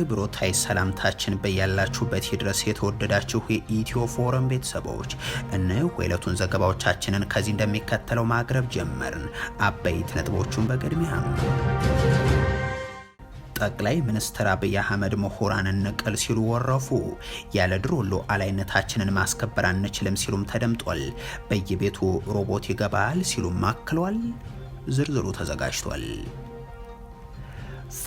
አክብሮታይ ሰላምታችን በያላችሁበት ይድረስ። የተወደዳችሁ የኢትዮ ፎረም ቤተሰቦች እነሆ የዕለቱን ዘገባዎቻችንን ከዚህ እንደሚከተለው ማቅረብ ጀመርን። አበይት ነጥቦቹን በቅድሚያ ጠቅላይ ሚኒስትር አብይ አህመድ ምሁራንን ንቅል ሲሉ ወረፉ። ያለ ድሮ ሉዓላዊነታችንን ማስከበር አንችልም ሲሉም ተደምጧል። በየቤቱ ሮቦት ይገባል ሲሉም አክሏል። ዝርዝሩ ተዘጋጅቷል።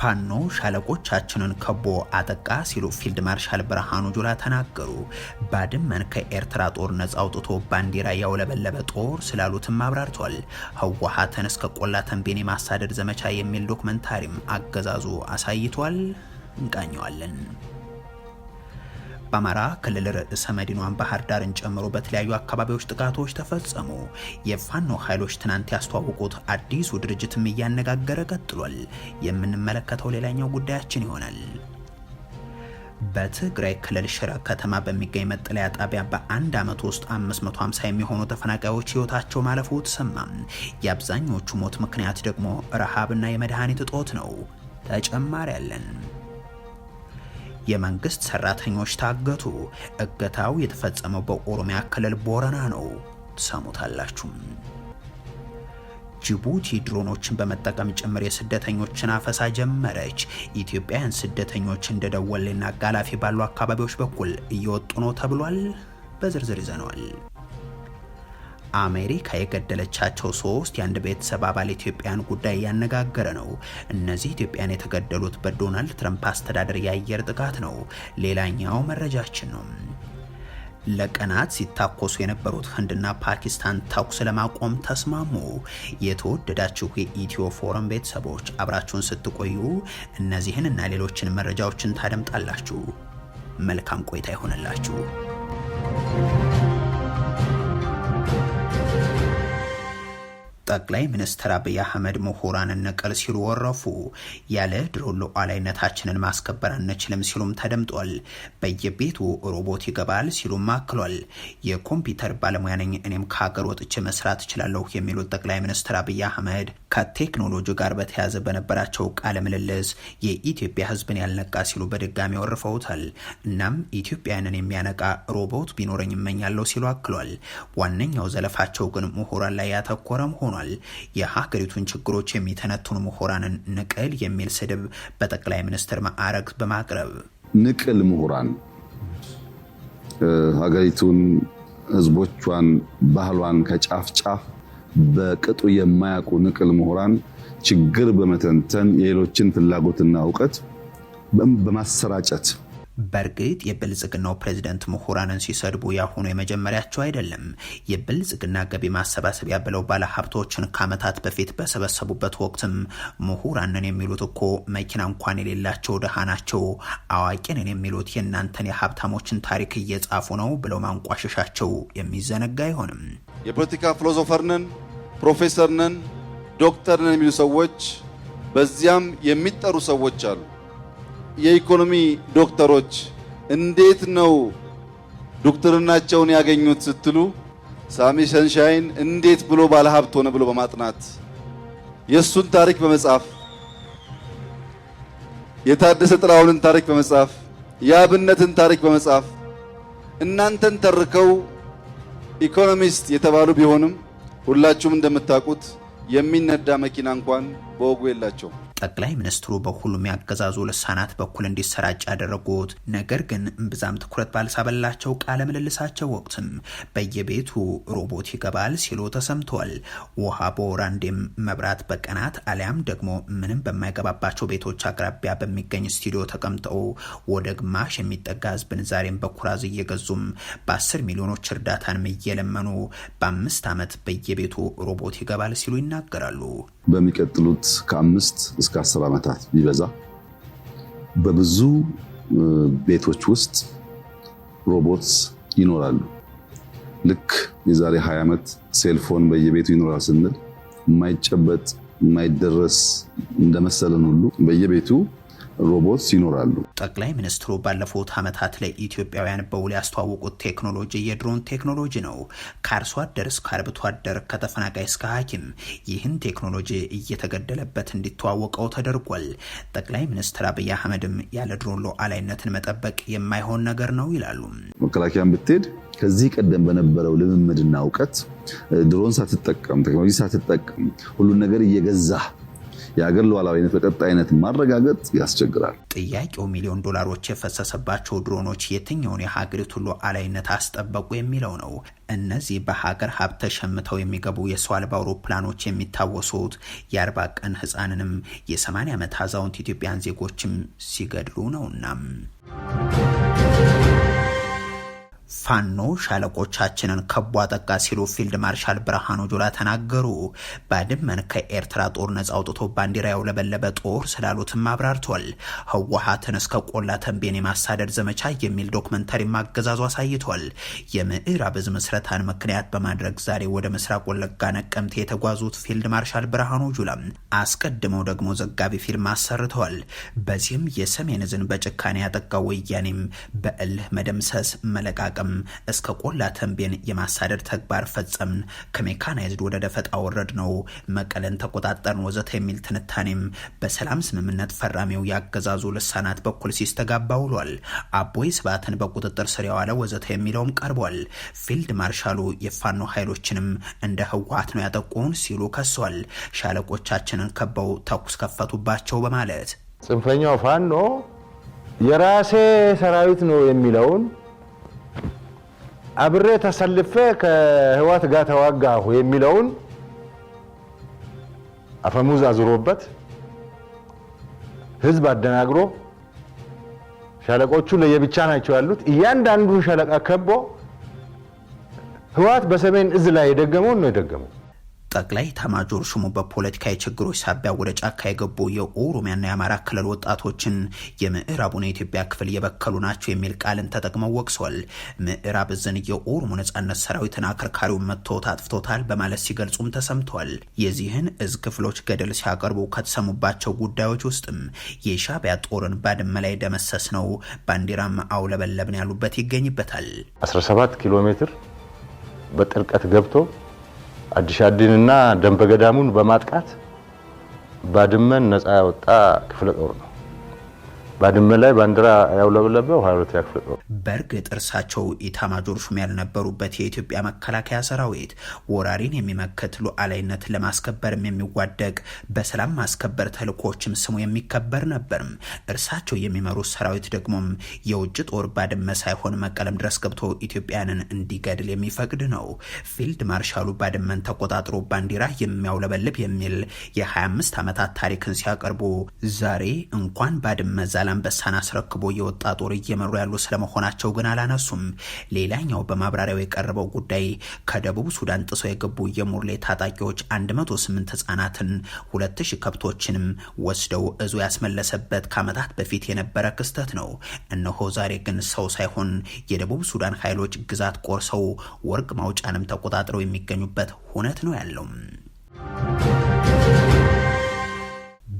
ፋኖ ሻለቆቻችንን ከቦ አጠቃ ሲሉ ፊልድ ማርሻል ብርሃኑ ጁላ ተናገሩ። ባድመን ከኤርትራ ጦር ነጻ አውጥቶ ባንዲራ ያውለበለበ ጦር ስላሉትም አብራርቷል። ህወሓትን እስከ ቆላ ተንቤን የማሳደድ ዘመቻ የሚል ዶክመንታሪም አገዛዙ አሳይቷል። እንቃኘዋለን። በአማራ ክልል ርዕሰ መዲኗን ባህር ዳርን ጨምሮ በተለያዩ አካባቢዎች ጥቃቶች ተፈጸሙ። የፋኖ ኃይሎች ትናንት ያስተዋወቁት አዲሱ ድርጅትም እያነጋገረ ቀጥሏል። የምንመለከተው ሌላኛው ጉዳያችን ይሆናል። በትግራይ ክልል ሽረ ከተማ በሚገኝ መጠለያ ጣቢያ በአንድ ዓመት ውስጥ 550 የሚሆኑ ተፈናቃዮች ሕይወታቸው ማለፉ ተሰማ። የአብዛኞቹ ሞት ምክንያት ደግሞ ረሃብና የመድኃኒት እጦት ነው። ተጨማሪ አለን። የመንግስት ሰራተኞች ታገቱ። እገታው የተፈጸመው በኦሮሚያ ክልል ቦረና ነው። ትሰሙታላችሁ። ጅቡቲ ድሮኖችን በመጠቀም ጭምር የስደተኞችን አፈሳ ጀመረች። ኢትዮጵያውያን ስደተኞች እንደ ደወሌና ጋላፊ ባሉ አካባቢዎች በኩል እየወጡ ነው ተብሏል። በዝርዝር ይዘነዋል። አሜሪካ የገደለቻቸው ሶስት የአንድ ቤተሰብ አባል ኢትዮጵያን ጉዳይ ያነጋገረ ነው። እነዚህ ኢትዮጵያን የተገደሉት በዶናልድ ትረምፕ አስተዳደር የአየር ጥቃት ነው። ሌላኛው መረጃችን ነው። ለቀናት ሲታኮሱ የነበሩት ህንድና ፓኪስታን ተኩስ ለማቆም ተስማሙ። የተወደዳችሁ የኢትዮ ፎረም ቤተሰቦች አብራችሁን ስትቆዩ እነዚህን እና ሌሎችን መረጃዎችን ታደምጣላችሁ። መልካም ቆይታ ይሆንላችሁ። ጠቅላይ ሚኒስትር አብይ አህመድ ምሁራንን ንቅል ሲሉ ወረፉ። ያለ ድሮን ሉዓላዊነታችንን ማስከበር አንችልም ሲሉም ተደምጧል። በየቤቱ ሮቦት ይገባል ሲሉም አክሏል። የኮምፒውተር ባለሙያ ነኝ እኔም ከሀገር ወጥቼ መስራት እችላለሁ የሚሉት ጠቅላይ ሚኒስትር አብይ አህመድ ከቴክኖሎጂ ጋር በተያያዘ በነበራቸው ቃለ ምልልስ የኢትዮጵያ ሕዝብን ያልነቃ ሲሉ በድጋሚ ወርፈውታል። እናም ኢትዮጵያንን የሚያነቃ ሮቦት ቢኖረኝ እመኛለሁ ሲሉ አክሏል። ዋነኛው ዘለፋቸው ግን ምሁራን ላይ ያተኮረም ሆኗል። ብለዋል። የሀገሪቱን ችግሮች የሚተነትኑ ምሁራንን ንቅል የሚል ስድብ በጠቅላይ ሚኒስትር ማዕረግ በማቅረብ ንቅል ምሁራን ሀገሪቱን፣ ህዝቦቿን፣ ባህሏን ከጫፍ ጫፍ በቅጡ የማያውቁ ንቅል ምሁራን ችግር በመተንተን የሌሎችን ፍላጎትና እውቀት በማሰራጨት በእርግጥ የብልጽግናው ፕሬዝደንት ምሁራንን ሲሰድቡ ያሁኑ የመጀመሪያቸው አይደለም። የብልጽግና ገቢ ማሰባሰቢያ ብለው ባለሀብቶችን ከዓመታት በፊት በሰበሰቡበት ወቅትም ምሁራንን የሚሉት እኮ መኪና እንኳን የሌላቸው ድሃ ናቸው፣ አዋቂንን የሚሉት የእናንተን የሀብታሞችን ታሪክ እየጻፉ ነው ብለው ማንቋሸሻቸው የሚዘነጋ አይሆንም። የፖለቲካ ፊሎሶፈርንን፣ ፕሮፌሰርንን፣ ዶክተርንን የሚሉ ሰዎች በዚያም የሚጠሩ ሰዎች አሉ። የኢኮኖሚ ዶክተሮች እንዴት ነው ዶክተርናቸውን ያገኙት ስትሉ ሳሚ ሰንሻይን እንዴት ብሎ ባለሀብት ሆነ ብሎ በማጥናት የእሱን ታሪክ በመጻፍ የታደሰ ጥላሁንን ታሪክ በመጻፍ የአብነትን ታሪክ በመጻፍ እናንተን ተርከው ኢኮኖሚስት የተባሉ ቢሆንም ሁላችሁም እንደምታውቁት የሚነዳ መኪና እንኳን በወጉ የላቸውም። ጠቅላይ ሚኒስትሩ በሁሉም ያገዛዙ ልሳናት በኩል እንዲሰራጭ ያደረጉት ነገር ግን እምብዛም ትኩረት ባልሳበላቸው ቃለ ምልልሳቸው ወቅትም በየቤቱ ሮቦት ይገባል ሲሉ ተሰምተዋል። ውሃ በወራንዴም መብራት በቀናት አሊያም ደግሞ ምንም በማይገባባቸው ቤቶች አቅራቢያ በሚገኝ ስቱዲዮ ተቀምጠው ወደ ግማሽ የሚጠጋ ህዝብን ዛሬም በኩራዝ እየገዙም በአስር ሚሊዮኖች እርዳታንም እየለመኑ በአምስት ዓመት በየቤቱ ሮቦት ይገባል ሲሉ ይናገራሉ። በሚቀጥሉት ከአምስት እስከ አስር ዓመታት ቢበዛ በብዙ ቤቶች ውስጥ ሮቦትስ ይኖራሉ። ልክ የዛሬ 20 ዓመት ሴልፎን በየቤቱ ይኖራል ስንል የማይጨበጥ የማይደረስ እንደመሰለን ሁሉ በየቤቱ ሮቦትስ ይኖራሉ። ጠቅላይ ሚኒስትሩ ባለፉት ዓመታት ላይ ኢትዮጵያውያን በውል ያስተዋወቁት ቴክኖሎጂ የድሮን ቴክኖሎጂ ነው። ከአርሶ አደር እስከ አርብቶ አደር ከተፈናቃይ እስከ ሐኪም ይህን ቴክኖሎጂ እየተገደለበት እንዲተዋወቀው ተደርጓል። ጠቅላይ ሚኒስትር አብይ አህመድም ያለ ድሮን ሉዓላዊነትን መጠበቅ የማይሆን ነገር ነው ይላሉ። መከላከያን ብትሄድ ከዚህ ቀደም በነበረው ልምምድና እውቀት ድሮን ሳትጠቀም ቴክኖሎጂ ሳትጠቀም ሁሉን ነገር እየገዛህ የአገር ሉዓላዊነት በቀጣይነት ማረጋገጥ ያስቸግራል። ጥያቄው ሚሊዮን ዶላሮች የፈሰሰባቸው ድሮኖች የትኛውን የሀገሪቱን ሉዓላዊነት አስጠበቁ የሚለው ነው። እነዚህ በሀገር ሀብት ተሸምተው የሚገቡ የሰው አልባ አውሮፕላኖች የሚታወሱት የአርባ ቀን ህፃንንም የ80 ዓመት አዛውንት ኢትዮጵያን ዜጎችም ሲገድሉ ነውና ፋኖ ሻለቆቻችንን ከቦ አጠቃ ሲሉ ፊልድ ማርሻል ብርሃኑ ጁላ ተናገሩ። ባድመን ከኤርትራ ጦር ነጻ አውጥቶ ባንዲራ ያውለበለበ ጦር ስላሉትም አብራርቷል። ህወሀትን እስከ ቆላ ተንቤን የማሳደድ ዘመቻ የሚል ዶክመንተሪ ማገዛዙ አሳይቷል። የምዕራብ ዕዝ ምስረታን ምክንያት በማድረግ ዛሬ ወደ ምስራቅ ወለጋ ነቀምት የተጓዙት ፊልድ ማርሻል ብርሃኑ ጁላ አስቀድመው ደግሞ ዘጋቢ ፊልም አሰርተዋል። በዚህም የሰሜን ዕዝን በጭካኔ ያጠቃው ወያኔም በእልህ መደምሰስ መለቃቀም አልተጠናቀቀም። እስከ ቆላ ተንቤን የማሳደድ ተግባር ፈጸምን፣ ከሜካናይዝድ ወደ ደፈጣ ወረድ ነው፣ መቀለን ተቆጣጠርን፣ ወዘተ የሚል ትንታኔም በሰላም ስምምነት ፈራሚው ያገዛዙ ልሳናት በኩል ሲስተጋባ ውሏል። አቦይ ስባትን በቁጥጥር ስር የዋለ ወዘተ የሚለውም ቀርቧል። ፊልድ ማርሻሉ የፋኖ ኃይሎችንም እንደ ህወሓት ነው ያጠቁን ሲሉ ከሷል። ሻለቆቻችንን ከበው ተኩስ ከፈቱባቸው በማለት ጽንፈኛው ፋኖ የራሴ ሰራዊት ነው የሚለውን አብሬ ተሰልፌ ከህወሓት ጋር ተዋጋሁ የሚለውን አፈሙዝ አዙሮበት ህዝብ አደናግሮ ሻለቆቹ ለየብቻ ናቸው ያሉት። እያንዳንዱን ሻለቃ ከቦ ህወሓት በሰሜን እዝ ላይ የደገመውን ነው የደገመው። ጠቅላይ ኤታማዦር ሹሙ በፖለቲካዊ ችግሮች ሳቢያ ወደ ጫካ የገቡ የኦሮሚያና የአማራ ክልል ወጣቶችን የምዕራቡን የኢትዮጵያ ክፍል የበከሉ ናቸው የሚል ቃልን ተጠቅመው ወቅሰዋል። ምዕራብ እዝን የኦሮሞ ነጻነት ሰራዊትን አከርካሪውን መጥቶት አጥፍቶታል በማለት ሲገልጹም ተሰምተዋል። የዚህን እዝ ክፍሎች ገደል ሲያቀርቡ ከተሰሙባቸው ጉዳዮች ውስጥም የሻቢያ ጦርን ባድመ ላይ ደመሰስ ነው፣ ባንዲራም አውለበለብን ያሉበት ይገኝበታል። 17 ኪሎ ሜትር በጥልቀት ገብቶ አዲስ አዲንና ደንበገዳሙን በማጥቃት ባድመን ነፃ ያወጣ ክፍለ ጦር ነው። ባድመ ላይ ባንዲራ ያውለበለበ ሀያ ሁለት ያክፍል በእርግጥ እርሳቸው ኢታማጆር ሹም ያልነበሩበት የኢትዮጵያ መከላከያ ሰራዊት ወራሪን የሚመክት ሉዓላዊነት ለማስከበርም የሚዋደቅ በሰላም ማስከበር ተልእኮዎችም ስሙ የሚከበር ነበርም። እርሳቸው የሚመሩት ሰራዊት ደግሞም የውጭ ጦር ባድመ ሳይሆን መቀለም ድረስ ገብቶ ኢትዮጵያንን እንዲገድል የሚፈቅድ ነው። ፊልድ ማርሻሉ ባድመን ተቆጣጥሮ ባንዲራ የሚያውለበልብ የሚል የ25 ዓመታት ታሪክን ሲያቀርቡ ዛሬ እንኳን ባድመ ዛላ አንበሳን አስረክቦ የወጣ ጦር እየመሩ ያሉ ስለመሆናቸው ግን አላነሱም። ሌላኛው በማብራሪያው የቀረበው ጉዳይ ከደቡብ ሱዳን ጥሰው የገቡ የሙርሌ ታጣቂዎች 108 ህጻናትን፣ 2000 ከብቶችንም ወስደው እዙ ያስመለሰበት ከአመታት በፊት የነበረ ክስተት ነው። እነሆ ዛሬ ግን ሰው ሳይሆን የደቡብ ሱዳን ኃይሎች ግዛት ቆርሰው ወርቅ ማውጫንም ተቆጣጥረው የሚገኙበት ሁነት ነው ያለው።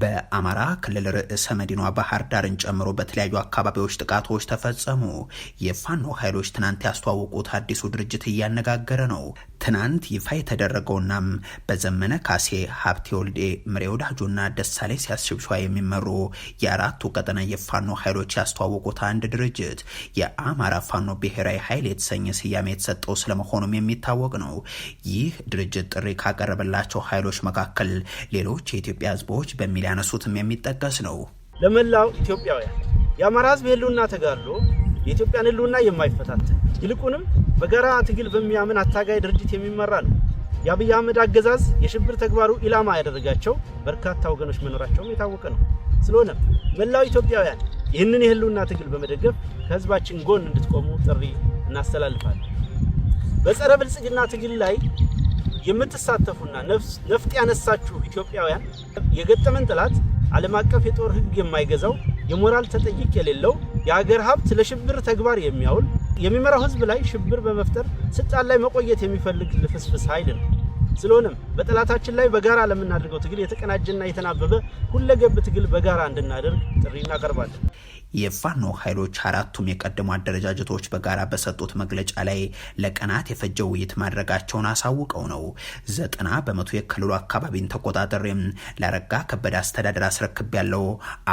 በአማራ ክልል ርዕሰ መዲኗ ባህር ዳርን ጨምሮ በተለያዩ አካባቢዎች ጥቃቶች ተፈጸሙ። የፋኖ ኃይሎች ትናንት ያስተዋወቁት አዲሱ ድርጅት እያነጋገረ ነው። ትናንት ይፋ የተደረገውናም በዘመነ ካሴ፣ ሀብቴ ወልዴ፣ ምሬ ወዳጆና ደሳሌ ሲያስሽብሸዋ የሚመሩ የአራቱ ቀጠና የፋኖ ኃይሎች ያስተዋወቁት አንድ ድርጅት የአማራ ፋኖ ብሔራዊ ኃይል የተሰኘ ስያሜ የተሰጠው ስለመሆኑም የሚታወቅ ነው። ይህ ድርጅት ጥሪ ካቀረበላቸው ኃይሎች መካከል ሌሎች የኢትዮጵያ ህዝቦች በሚል ያነሱትም የሚጠቀስ ነው። ለመላው ኢትዮጵያውያን የአማራ ህዝብ የህልውና ተጋድሎ የኢትዮጵያን ህልውና የማይፈታተን ይልቁንም በጋራ ትግል በሚያምን አታጋይ ድርጅት የሚመራ ነው። የአብይ አህመድ አገዛዝ የሽብር ተግባሩ ኢላማ ያደረጋቸው በርካታ ወገኖች መኖራቸውም የታወቀ ነው። ስለሆነም መላው ኢትዮጵያውያን ይህንን የህልውና ትግል በመደገፍ ከህዝባችን ጎን እንድትቆሙ ጥሪ እናስተላልፋለን። በጸረ ብልጽግና ትግል ላይ የምትሳተፉና ነፍጥ ያነሳችሁ ኢትዮጵያውያን የገጠመን ጠላት ዓለም አቀፍ የጦር ህግ የማይገዛው የሞራል ተጠይቅ የሌለው የአገር ሀብት ለሽብር ተግባር የሚያውል የሚመራው ህዝብ ላይ ሽብር በመፍጠር ስልጣን ላይ መቆየት የሚፈልግ ልፍስፍስ ኃይል ነው። ስለሆነም በጠላታችን ላይ በጋራ ለምናደርገው ትግል የተቀናጀና የተናበበ ሁለገብ ትግል በጋራ እንድናደርግ ጥሪ እናቀርባለን። የፋኖ ኃይሎች አራቱም የቀደሙ አደረጃጀቶች በጋራ በሰጡት መግለጫ ላይ ለቀናት የፈጀ ውይይት ማድረጋቸውን አሳውቀው ነው ዘጠና በመቶ የክልሉ አካባቢን ተቆጣጠሬም ለረጋ ከበደ አስተዳደር አስረክብ ያለው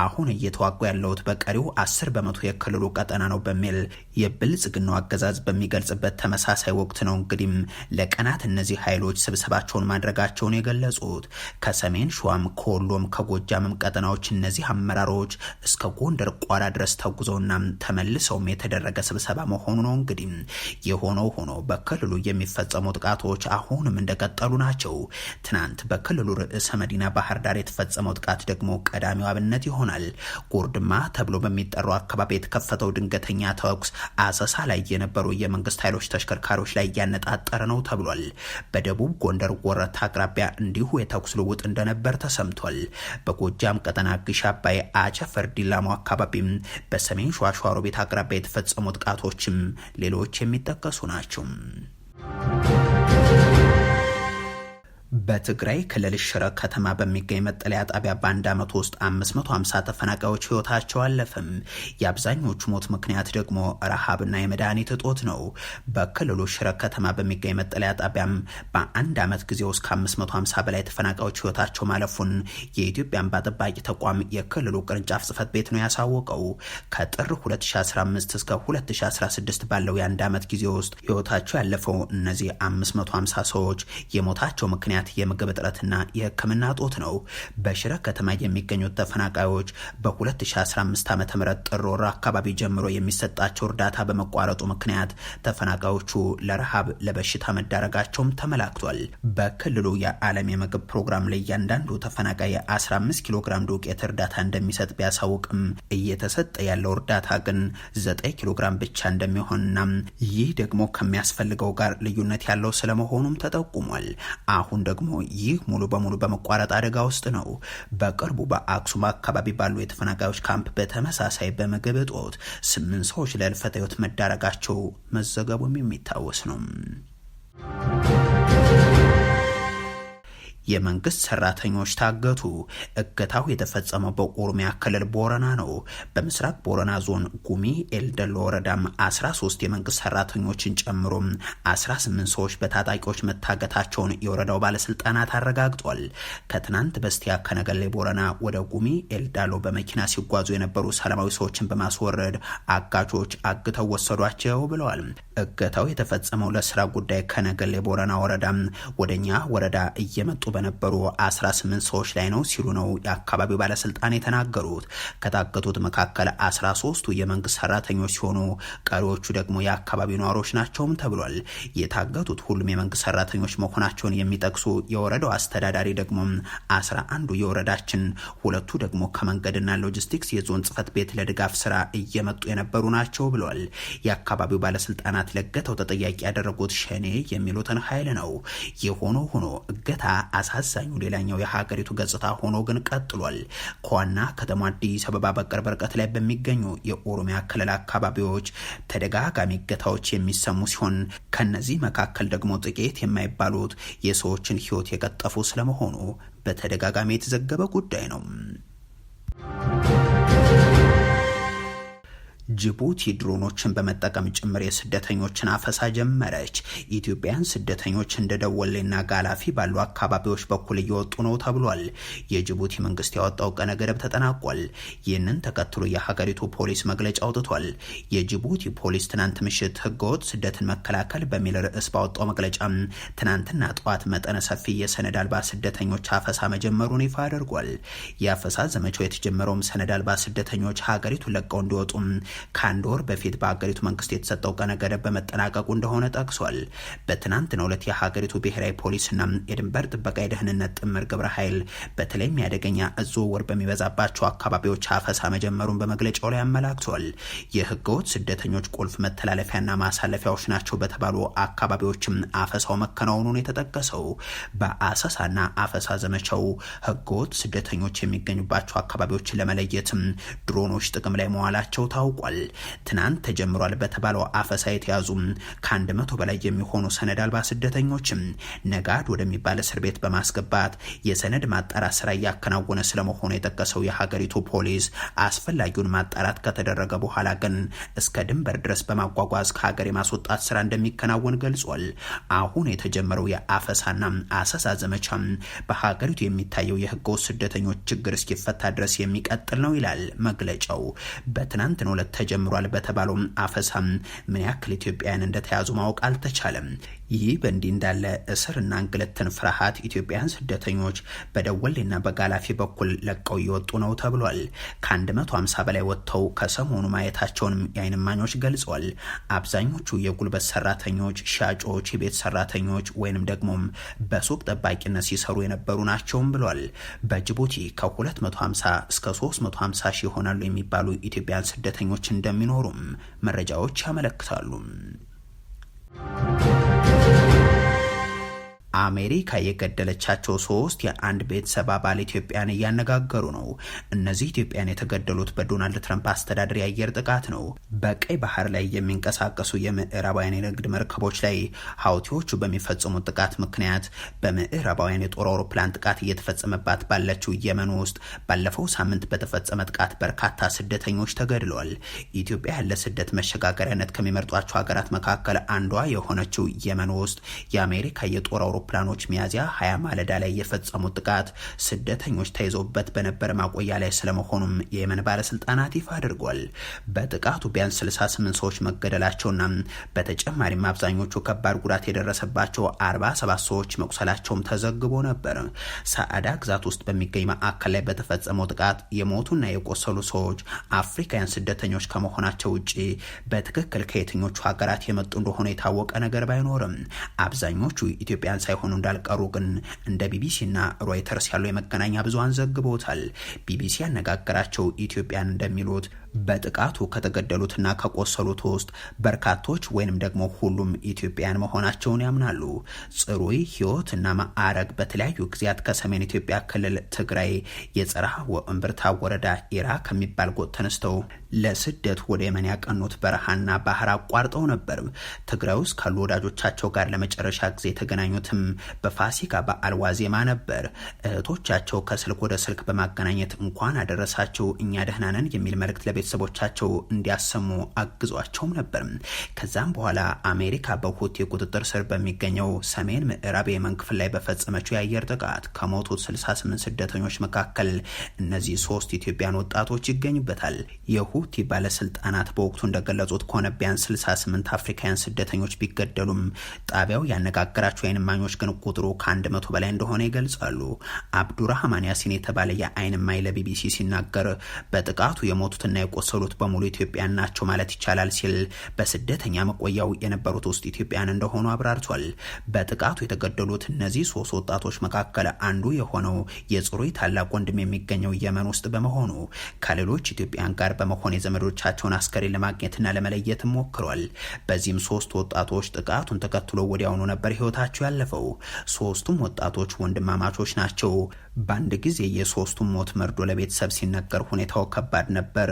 አሁን እየተዋጉ ያለሁት በቀሪው አስር በመቶ የክልሉ ቀጠና ነው በሚል የብልጽግናው አገዛዝ በሚገልጽበት ተመሳሳይ ወቅት ነው እንግዲህም ለቀናት እነዚህ ኃይሎች ስብሰባቸውን ማድረጋቸውን የገለጹት። ከሰሜን ሸዋም ከወሎም ከጎጃምም ቀጠናዎች እነዚህ አመራሮች እስከ ጎንደር ቋራ ድረስ ተጉዘውና ተመልሰውም የተደረገ ስብሰባ መሆኑ ነው። እንግዲህ የሆነው ሆኖ በክልሉ የሚፈጸሙ ጥቃቶች አሁንም እንደቀጠሉ ናቸው። ትናንት በክልሉ ርዕሰ መዲና ባህር ዳር የተፈጸመው ጥቃት ደግሞ ቀዳሚው አብነት ይሆናል። ጎርድማ ተብሎ በሚጠራው አካባቢ የተከፈተው ድንገተኛ ተኩስ አሰሳ ላይ የነበሩ የመንግስት ኃይሎች ተሽከርካሪዎች ላይ እያነጣጠረ ነው ተብሏል። በደቡብ ጎንደር ወረታ አቅራቢያ እንዲሁ የተኩስ ልውውጥ እንደነበር ተሰምቷል። በጎጃም ቀጠና ግሽ አባይ አቸፈር ዲላሞ አካባቢም በሰሜን ሸዋ ሸዋሮቢት አቅራቢያ የተፈጸሙ ጥቃቶችም ሌሎች የሚጠቀሱ ናቸው። በትግራይ ክልል ሽረ ከተማ በሚገኝ መጠለያ ጣቢያ በአንድ ዓመት ውስጥ 550 ተፈናቃዮች ህይወታቸው አለፍም። የአብዛኞቹ ሞት ምክንያት ደግሞ ረሃብና የመድኃኒት እጦት ነው። በክልሉ ሽረ ከተማ በሚገኝ መጠለያ ጣቢያም በአንድ ዓመት ጊዜ ውስጥ ከ550 በላይ ተፈናቃዮች ህይወታቸው ማለፉን የኢትዮጵያ እንባ ጠባቂ ተቋም የክልሉ ቅርንጫፍ ጽህፈት ቤት ነው ያሳወቀው። ከጥር 2015 እስከ 2016 ባለው የአንድ ዓመት ጊዜ ውስጥ ህይወታቸው ያለፈው እነዚህ 550 ሰዎች የሞታቸው ምክንያት ምክንያት የምግብ እጥረትና የሕክምና እጦት ነው። በሽረ ከተማ የሚገኙት ተፈናቃዮች በ2015 ዓ ም ጥር ወር አካባቢ ጀምሮ የሚሰጣቸው እርዳታ በመቋረጡ ምክንያት ተፈናቃዮቹ ለረሃብ ለበሽታ መዳረጋቸውም ተመላክቷል። በክልሉ የዓለም የምግብ ፕሮግራም ላይ እያንዳንዱ ተፈናቃይ 15 ኪሎ ግራም ዱቄት እርዳታ እንደሚሰጥ ቢያሳውቅም እየተሰጠ ያለው እርዳታ ግን 9 ኪሎ ግራም ብቻ እንደሚሆንና ይህ ደግሞ ከሚያስፈልገው ጋር ልዩነት ያለው ስለመሆኑም ተጠቁሟል። አሁን ደግሞ ይህ ሙሉ በሙሉ በመቋረጥ አደጋ ውስጥ ነው። በቅርቡ በአክሱም አካባቢ ባሉ የተፈናቃዮች ካምፕ በተመሳሳይ በምግብ እጦት ስምንት ሰዎች ለህልፈተ ህይወት መዳረጋቸው መዘገቡም የሚታወስ ነው። የመንግስት ሰራተኞች ታገቱ። እገታው የተፈጸመው በኦሮሚያ ክልል ቦረና ነው። በምስራቅ ቦረና ዞን ጉሚ ኤልደሎ ወረዳም 13 የመንግስት ሰራተኞችን ጨምሮ 18 ሰዎች በታጣቂዎች መታገታቸውን የወረዳው ባለስልጣናት አረጋግጧል። ከትናንት በስቲያ ከነገሌ ቦረና ወደ ጉሚ ኤልዳሎ በመኪና ሲጓዙ የነበሩ ሰላማዊ ሰዎችን በማስወረድ አጋቾች አግተው ወሰዷቸው ብለዋል። እገታው የተፈጸመው ለስራ ጉዳይ ከነገሌ ቦረና ወረዳም ወደኛ ወረዳ እየመጡ በነበሩ 18 ሰዎች ላይ ነው ሲሉ ነው የአካባቢው ባለስልጣን የተናገሩት። ከታገቱት መካከል 13ቱ የመንግስት ሰራተኞች ሲሆኑ ቀሪዎቹ ደግሞ የአካባቢው ነዋሪዎች ናቸውም ተብሏል። የታገቱት ሁሉም የመንግስት ሰራተኞች መሆናቸውን የሚጠቅሱ የወረዳው አስተዳዳሪ ደግሞ 11ዱ የወረዳችን፣ ሁለቱ ደግሞ ከመንገድና ሎጂስቲክስ የዞን ጽህፈት ቤት ለድጋፍ ስራ እየመጡ የነበሩ ናቸው ብሏል። የአካባቢው ባለስልጣናት ለገተው ተጠያቂ ያደረጉት ሸኔ የሚሉትን ኃይል ነው። የሆኖ ሆኖ እገታ አሳዛኙ ሌላኛው የሀገሪቱ ገጽታ ሆኖ ግን ቀጥሏል። ከዋና ከተማ አዲስ አበባ በቅርብ ርቀት ላይ በሚገኙ የኦሮሚያ ክልል አካባቢዎች ተደጋጋሚ እገታዎች የሚሰሙ ሲሆን ከነዚህ መካከል ደግሞ ጥቂት የማይባሉት የሰዎችን ሕይወት የቀጠፉ ስለመሆኑ በተደጋጋሚ የተዘገበ ጉዳይ ነው። ጅቡቲ ድሮኖችን በመጠቀም ጭምር የስደተኞችን አፈሳ ጀመረች። ኢትዮጵያን ስደተኞች እንደ ደወሌና ጋላፊ ባሉ አካባቢዎች በኩል እየወጡ ነው ተብሏል። የጅቡቲ መንግስት ያወጣው ቀነ ገደብ ተጠናቋል። ይህንን ተከትሎ የሀገሪቱ ፖሊስ መግለጫ አውጥቷል። የጅቡቲ ፖሊስ ትናንት ምሽት ህገወጥ ስደትን መከላከል በሚል ርዕስ ባወጣው መግለጫ ትናንትና ጠዋት መጠነ ሰፊ የሰነድ አልባ ስደተኞች አፈሳ መጀመሩን ይፋ አድርጓል። የአፈሳ ዘመቻው የተጀመረውም ሰነድ አልባ ስደተኞች ሀገሪቱ ለቀው እንዲወጡም ከአንድ ወር በፊት በሀገሪቱ መንግስት የተሰጠው ቀነ ገደብ በመጠናቀቁ እንደሆነ ጠቅሷል። በትናንትናው ዕለት የሀገሪቱ ብሔራዊ ፖሊስና የድንበር ጥበቃ የደህንነት ጥምር ግብረ ኃይል በተለይም የአደገኛ እጽ ዝውውር በሚበዛባቸው አካባቢዎች አፈሳ መጀመሩን በመግለጫው ላይ አመላክቷል። የህገወጥ ስደተኞች ቁልፍ መተላለፊያና ማሳለፊያዎች ናቸው በተባሉ አካባቢዎችም አፈሳው መከናወኑን የተጠቀሰው በአሰሳና አፈሳ ዘመቻው ህገወጥ ስደተኞች የሚገኙባቸው አካባቢዎችን ለመለየትም ድሮኖች ጥቅም ላይ መዋላቸው ታውቋል። ተገኝተዋል። ትናንት ተጀምሯል በተባለው አፈሳ የተያዙ ከአንድ መቶ በላይ የሚሆኑ ሰነድ አልባ ስደተኞችም ነጋድ ወደሚባል እስር ቤት በማስገባት የሰነድ ማጣራት ስራ እያከናወነ ስለመሆኑ የጠቀሰው የሀገሪቱ ፖሊስ አስፈላጊውን ማጣራት ከተደረገ በኋላ ግን እስከ ድንበር ድረስ በማጓጓዝ ከሀገር የማስወጣት ስራ እንደሚከናወን ገልጿል። አሁን የተጀመረው የአፈሳና አሰሳ ዘመቻ በሀገሪቱ የሚታየው የህገወጥ ስደተኞች ችግር እስኪፈታ ድረስ የሚቀጥል ነው ይላል መግለጫው። በትናንትናው ዕለት ተጀምሯል በተባለው አፈሳም ምን ያክል ኢትዮጵያውያን እንደተያዙ ማወቅ አልተቻለም። ይህ በእንዲህ እንዳለ እስርና እንግልትን ፍርሃት ኢትዮጵያን ስደተኞች በደወሌና በጋላፊ በኩል ለቀው እየወጡ ነው ተብሏል። ከ150 በላይ ወጥተው ከሰሞኑ ማየታቸውንም የዓይን እማኞች ገልጿል። አብዛኞቹ የጉልበት ሰራተኞች፣ ሻጮች፣ የቤት ሰራተኞች ወይንም ደግሞም በሱቅ ጠባቂነት ሲሰሩ የነበሩ ናቸውም ብሏል። በጅቡቲ ከ250 እስከ 350 ሺህ ይሆናሉ የሚባሉ ኢትዮጵያን ስደተኞች እንደሚኖሩም መረጃዎች ያመለክታሉ። አሜሪካ የገደለቻቸው ሶስት የአንድ ቤተሰብ አባል ኢትዮጵያን እያነጋገሩ ነው። እነዚህ ኢትዮጵያን የተገደሉት በዶናልድ ትራምፕ አስተዳደር የአየር ጥቃት ነው። በቀይ ባህር ላይ የሚንቀሳቀሱ የምዕራባውያን የንግድ መርከቦች ላይ ሀውቲዎቹ በሚፈጽሙት ጥቃት ምክንያት በምዕራባውያን የጦር አውሮፕላን ጥቃት እየተፈጸመባት ባለችው የመን ውስጥ ባለፈው ሳምንት በተፈጸመ ጥቃት በርካታ ስደተኞች ተገድለዋል። ኢትዮጵያ ያለ ስደት መሸጋገሪያነት ከሚመርጧቸው ሀገራት መካከል አንዷ የሆነችው የመን ውስጥ የአሜሪካ የጦር አውሮፕላኖች ሚያዝያ ሀያ ማለዳ ላይ የፈጸሙት ጥቃት ስደተኞች ተይዞበት በነበረ ማቆያ ላይ ስለመሆኑም የየመን ባለስልጣናት ይፋ አድርጓል። በጥቃቱ ቢያንስ 68 ሰዎች መገደላቸውና በተጨማሪም አብዛኞቹ ከባድ ጉዳት የደረሰባቸው 47 ሰዎች መቁሰላቸውም ተዘግቦ ነበር። ሰአዳ ግዛት ውስጥ በሚገኝ ማዕከል ላይ በተፈጸመው ጥቃት የሞቱና የቆሰሉ ሰዎች አፍሪካውያን ስደተኞች ከመሆናቸው ውጭ በትክክል ከየትኞቹ ሀገራት የመጡ እንደሆነ የታወቀ ነገር ባይኖርም አብዛኞቹ ኢትዮጵያን ሳይሆኑ እንዳልቀሩ ግን እንደ ቢቢሲና ሮይተርስ ያሉ የመገናኛ ብዙሀን ዘግበውታል። ቢቢሲ ያነጋገራቸው ኢትዮጵያን እንደሚሉት በጥቃቱ ከተገደሉትና ከቆሰሉት ውስጥ በርካቶች ወይንም ደግሞ ሁሉም ኢትዮጵያን መሆናቸውን ያምናሉ። ጽሩይ እና ማዕረግ በተለያዩ ጊዜያት ከሰሜን ኢትዮጵያ ክልል ትግራይ የጸራ ወእምብርታ ወረዳ ኢራ ከሚባል ጎጥ ተነስተው ለስደት ወደ የመን ያቀኑት በረሃና ባህር አቋርጠው ነበር። ትግራይ ውስጥ ካሉ ወዳጆቻቸው ጋር ለመጨረሻ ጊዜ የተገናኙትም በፋሲካ በዓል ዋዜማ ነበር። እህቶቻቸው ከስልክ ወደ ስልክ በማገናኘት እንኳን አደረሳችሁ እኛ ደህናነን የሚል መልእክት ቤተሰቦቻቸው እንዲያሰሙ አግዟቸውም ነበር። ከዛም በኋላ አሜሪካ በሁቲ ቁጥጥር ስር በሚገኘው ሰሜን ምዕራብ የመን ክፍል ላይ በፈጸመችው የአየር ጥቃት ከሞቱት 68 ስደተኞች መካከል እነዚህ ሶስት ኢትዮጵያን ወጣቶች ይገኙበታል። የሁቲ ባለስልጣናት በወቅቱ እንደገለጹት ከሆነ ቢያንስ 68 አፍሪካውያን ስደተኞች ቢገደሉም ጣቢያው ያነጋገራቸው የአይን እማኞች ግን ቁጥሩ ከአንድ መቶ በላይ እንደሆነ ይገልጻሉ። አብዱራህማን ያሲን የተባለ የአይን እማኝ ለቢቢሲ ሲናገር በጥቃቱ የሞቱትና የቆሰሉት በሙሉ ኢትዮጵያን ናቸው ማለት ይቻላል ሲል በስደተኛ መቆያው የነበሩት ውስጥ ኢትዮጵያን እንደሆኑ አብራርቷል። በጥቃቱ የተገደሉት እነዚህ ሶስት ወጣቶች መካከል አንዱ የሆነው የጽሩይ ታላቅ ወንድም የሚገኘው የመን ውስጥ በመሆኑ ከሌሎች ኢትዮጵያን ጋር በመሆን የዘመዶቻቸውን አስከሬን ለማግኘትና ለመለየት ሞክሯል። በዚህም ሶስት ወጣቶች ጥቃቱን ተከትሎ ወዲያውኑ ነበር ህይወታቸው ያለፈው። ሶስቱም ወጣቶች ወንድማማቾች ናቸው። በአንድ ጊዜ የሶስቱ ሞት መርዶ ለቤተሰብ ሲነገር ሁኔታው ከባድ ነበር።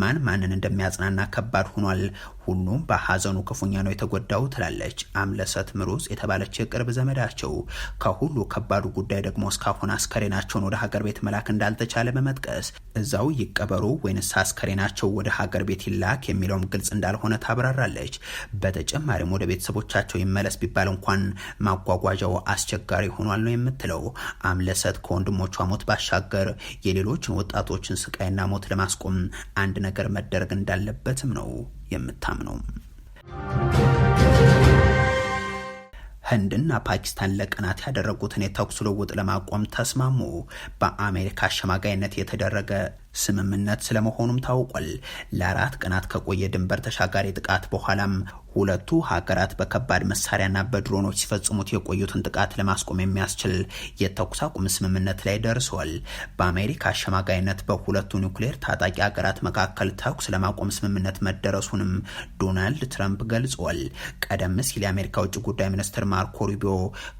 ማን ማንን እንደሚያጽናና ከባድ ሆኗል። ሁሉም በሀዘኑ ክፉኛ ነው የተጎዳው ትላለች አምለሰት ምሩጽ የተባለች የቅርብ ዘመዳቸው። ከሁሉ ከባዱ ጉዳይ ደግሞ እስካሁን አስከሬናቸውን ወደ ሀገር ቤት መላክ እንዳልተቻለ በመጥቀስ እዛው ይቀበሩ ወይንስ አስከሬናቸው ወደ ሀገር ቤት ይላክ የሚለውም ግልጽ እንዳልሆነ ታብራራለች። በተጨማሪም ወደ ቤተሰቦቻቸው ይመለስ ቢባል እንኳን ማጓጓዣው አስቸጋሪ ሆኗል ነው የምትለው አምለሰት ከሆነ ከወንድሞቿ ሞት ባሻገር የሌሎችን ወጣቶችን ስቃይና ሞት ለማስቆም አንድ ነገር መደረግ እንዳለበትም ነው የምታምነው። ህንድና ፓኪስታን ለቀናት ያደረጉትን የተኩስ ልውውጥ ለማቆም ተስማሙ። በአሜሪካ አሸማጋይነት የተደረገ ስምምነት ስለመሆኑም ታውቋል። ለአራት ቀናት ከቆየ ድንበር ተሻጋሪ ጥቃት በኋላም ሁለቱ ሀገራት በከባድ መሳሪያና በድሮኖች ሲፈጽሙት የቆዩትን ጥቃት ለማስቆም የሚያስችል የተኩስ አቁም ስምምነት ላይ ደርሰዋል። በአሜሪካ አሸማጋይነት በሁለቱ ኒውክሌር ታጣቂ ሀገራት መካከል ተኩስ ለማቆም ስምምነት መደረሱንም ዶናልድ ትራምፕ ገልጸዋል። ቀደም ሲል የአሜሪካ ውጭ ጉዳይ ሚኒስትር ማርኮ ሩቢዮ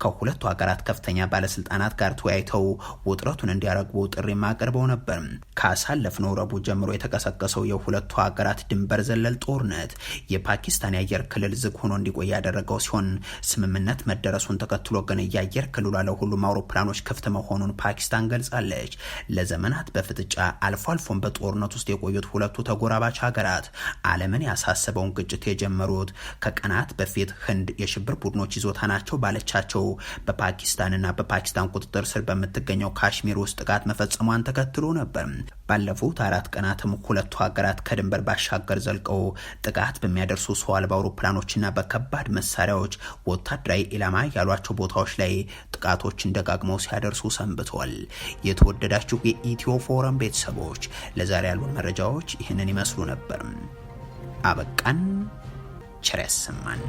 ከሁለቱ ሀገራት ከፍተኛ ባለስልጣናት ጋር ተወያይተው ውጥረቱን እንዲያረግቡ ጥሪ አቅርበው ነበር። ካሳለፍነው ረቡዕ ጀምሮ የተቀሰቀሰው የሁለቱ ሀገራት ድንበር ዘለል ጦርነት የፓኪስታን የአየር የአየር ክልል ዝግ ሆኖ እንዲቆይ ያደረገው ሲሆን ስምምነት መደረሱን ተከትሎ ግን የአየር ክልሏ ለሁሉም አውሮፕላኖች ክፍት መሆኑን ፓኪስታን ገልጻለች። ለዘመናት በፍጥጫ አልፎ አልፎም በጦርነት ውስጥ የቆዩት ሁለቱ ተጎራባች ሀገራት ዓለምን ያሳሰበውን ግጭት የጀመሩት ከቀናት በፊት ህንድ የሽብር ቡድኖች ይዞታ ናቸው ባለቻቸው በፓኪስታንና በፓኪስታን ቁጥጥር ስር በምትገኘው ካሽሚር ውስጥ ጥቃት መፈጸሟን ተከትሎ ነበር። ባለፉት አራት ቀናትም ሁለቱ ሀገራት ከድንበር ባሻገር ዘልቀው ጥቃት በሚያደርሱ ሰው አልባ በአውሮፕላኖችና በከባድ መሳሪያዎች ወታደራዊ ኢላማ ያሏቸው ቦታዎች ላይ ጥቃቶችን ደጋግመው ሲያደርሱ ሰንብተዋል። የተወደዳችሁ የኢትዮ ፎረም ቤተሰቦች ለዛሬ ያሉ መረጃዎች ይህንን ይመስሉ ነበር። አበቃን። ቸር ያሰማን።